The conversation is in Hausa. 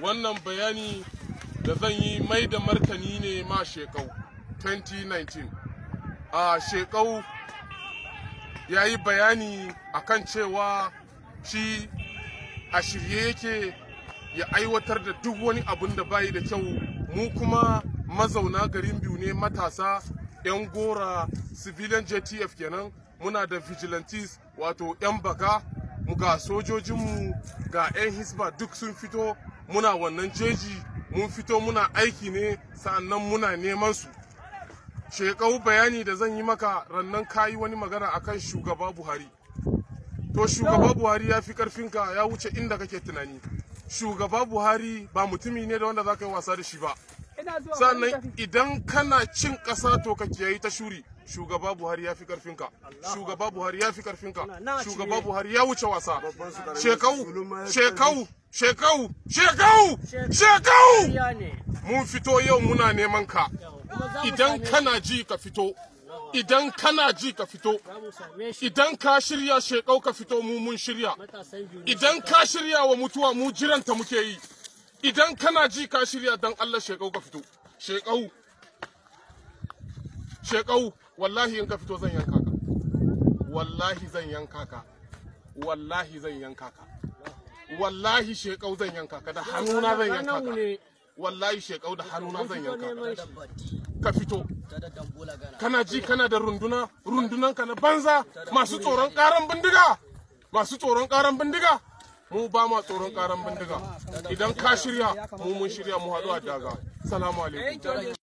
Wannan bayani da zan yi mai da martani ne ma shekau 2019. A shekau ya yi bayani akan cewa shi a shirye yake ya aiwatar da duk wani abin da bayi da kyau mu kuma mazauna garin biyu ne matasa 'yan gora civilian jtf kenan muna da vigilantes wato 'yan baka ga sojojinmu ga 'yan hisba duk sun fito muna wannan jeji mun fito muna aiki ne sa'annan muna neman su shekau bayani da zan yi maka rannan kayi wani magana akan shugaba buhari to shugaba buhari ya fi karfinka ya wuce inda kake tunani shugaba buhari ba mutumi ne da wanda za ka yi wasa da shi ba sannan idan kana cin ƙasa to ka kiyayi ta shuri shugaba buhari ya fi karfinka shugaba buhari ya fi karfinka shugaba buhari ya wuce wasa shekau shekau shekau shekau shekau mun fito yau muna neman ka idan kana ji ka fito idan kana ji ka fito idan ka shirya shekau ka fito mu mun shirya idan ka shirya wa mutuwa mu jiranta muke yi idan kana ji ka shirya dan Allah shekau ka fito shekau shekau wallahi in ka fito zan yanka ka wallahi zan yanka ka wallahi zan yanka ka wallahi shekau zan yanka ka da hannuna zan yanka ka wallahi shekau da hannuna zan yanka ka ka fito kana ji kana da runduna rundunan ka na banza masu tsoron karan bindiga masu tsoron karan bindiga mu ba ma tsoron karan bindiga idan ka shirya mu mun shirya mu haɗu a daga salamu alaikum